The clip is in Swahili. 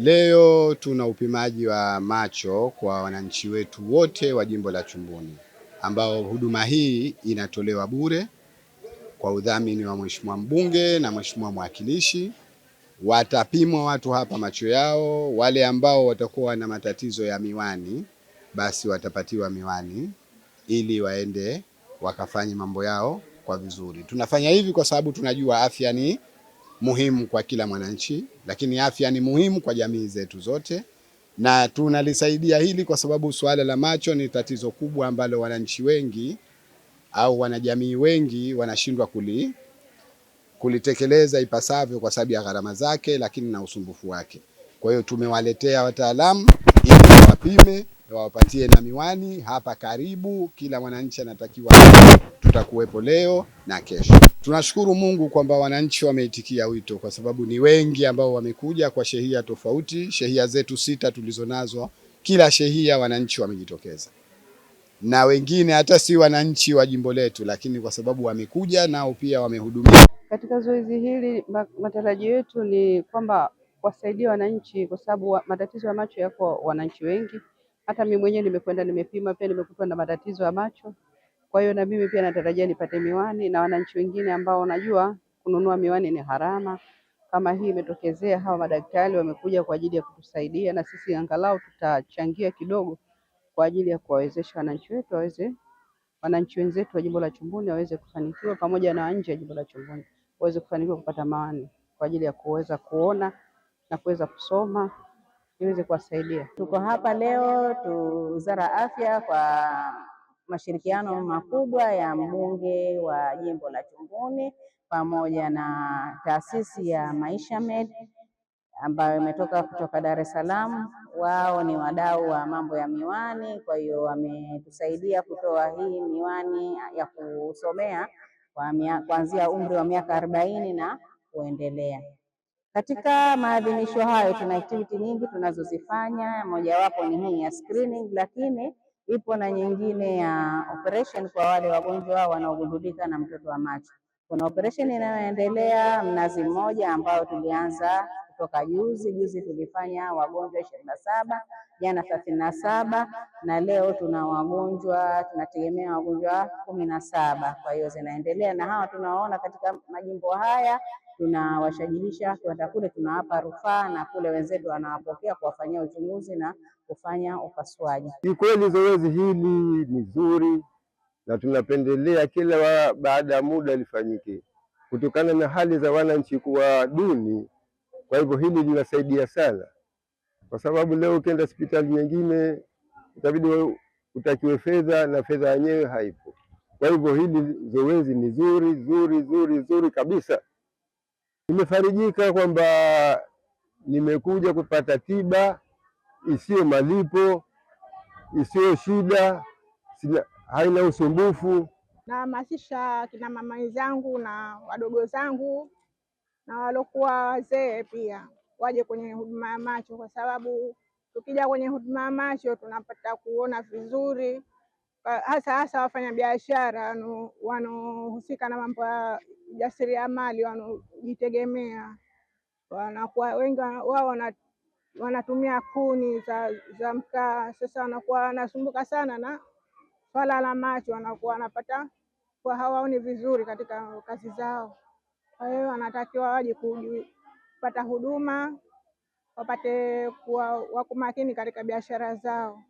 Leo tuna upimaji wa macho kwa wananchi wetu wote wa jimbo la Chumbuni, ambao huduma hii inatolewa bure kwa udhamini wa Mheshimiwa mbunge na Mheshimiwa mwakilishi. Watapimwa watu hapa macho yao. Wale ambao watakuwa na matatizo ya miwani, basi watapatiwa miwani ili waende wakafanye mambo yao kwa vizuri. Tunafanya hivi kwa sababu tunajua afya ni muhimu kwa kila mwananchi lakini afya ni muhimu kwa jamii zetu zote, na tunalisaidia hili kwa sababu suala la macho ni tatizo kubwa ambalo wananchi wengi au wanajamii wengi wanashindwa kuli kulitekeleza ipasavyo kwa sababu ya gharama zake, lakini na usumbufu wake. Kwa hiyo tumewaletea wataalamu ili wapime wawapatie na miwani hapa karibu. Kila mwananchi anatakiwa, tutakuwepo leo na kesho. Tunashukuru Mungu kwamba wananchi wameitikia wito, kwa sababu ni wengi ambao wamekuja kwa shehia tofauti. Shehia zetu sita tulizonazo, kila shehia wananchi wamejitokeza, na wengine hata si wananchi wa jimbo letu, lakini kwa sababu wamekuja nao pia wamehudumia katika zoezi hili. Matarajio yetu ni kwamba kuwasaidia wananchi, kwa sababu matatizo ya macho yako wananchi wengi. Hata mimi mwenyewe nimekwenda nimepima, pia nimekutwa na matatizo ya macho. Kwa hiyo na mimi pia natarajia nipate miwani na wananchi wengine ambao wanajua kununua miwani ni gharama. Kama hii imetokezea, hawa madaktari wamekuja kwa ajili ya kutusaidia, na sisi angalau tutachangia kidogo kwa ajili ya kuwawezesha wananchi wetu waweze wananchi wenzetu wa jimbo la Chumbuni waweze kufanikiwa, pamoja na nje ya jimbo la Chumbuni waweze kufanikiwa kupata miwani kwa ajili ya kuweza kuona na kuweza kusoma iweze kuwasaidia. Tuko hapa leo tu Wizara ya Afya kwa mashirikiano makubwa ya mbunge wa jimbo la chumbuni pamoja na taasisi ya Maisha Med ambayo imetoka kutoka Dar es Salaam. Wao ni wadau wa mambo ya miwani, kwa hiyo wametusaidia kutoa hii miwani ya kusomea kuanzia umri wa miaka arobaini na kuendelea. Katika maadhimisho hayo tuna activity nyingi tunazozifanya, mojawapo ni hii ya screening, lakini ipo na nyingine ya operation kwa wale wagonjwa wanaogundulika na mtoto wa macho. Kuna operation inayoendelea Mnazi Mmoja ambayo tulianza toka juzi. Juzi tulifanya wagonjwa ishirini na saba, jana thelathini na saba, na leo tuna wagonjwa tunategemea wagonjwa kumi na saba. Kwa hiyo zinaendelea, na hawa tunawaona katika majimbo haya tunawashajilisha kwenda kule, tunawapa rufaa na kule wenzetu wanawapokea kuwafanyia uchunguzi na kufanya upasuaji. Ni kweli zoezi hili ni zuri na tunapendelea kila baada ya muda lifanyike kutokana na hali za wananchi kuwa duni. Kwa hivyo hili linasaidia sana, kwa sababu leo ukienda hospitali nyingine itabidi utakiwe fedha na fedha yenyewe haipo. Kwa hivyo hili zoezi ni zuri zuri zuri zuri kabisa. Nimefarijika kwamba nimekuja kupata tiba isiyo malipo, isiyo shida, haina usumbufu. Nahamasisha kina mama wenzangu na wadogo zangu na walokuwa wazee pia waje kwenye huduma ya macho, kwa sababu tukija kwenye huduma ya macho tunapata kuona vizuri, hasa hasa wafanya biashara wanaohusika na mambo ya ujasiriamali, wanaojitegemea, wanakuwa wengi wao wana wanatumia kuni za, za mkaa. Sasa wanakuwa wanasumbuka sana na swala la macho, wanakuwa wanapata kwa hawaoni vizuri katika kazi zao. Kwa hiyo wanatakiwa waje kupata huduma, wapate kuwa wako makini katika biashara zao.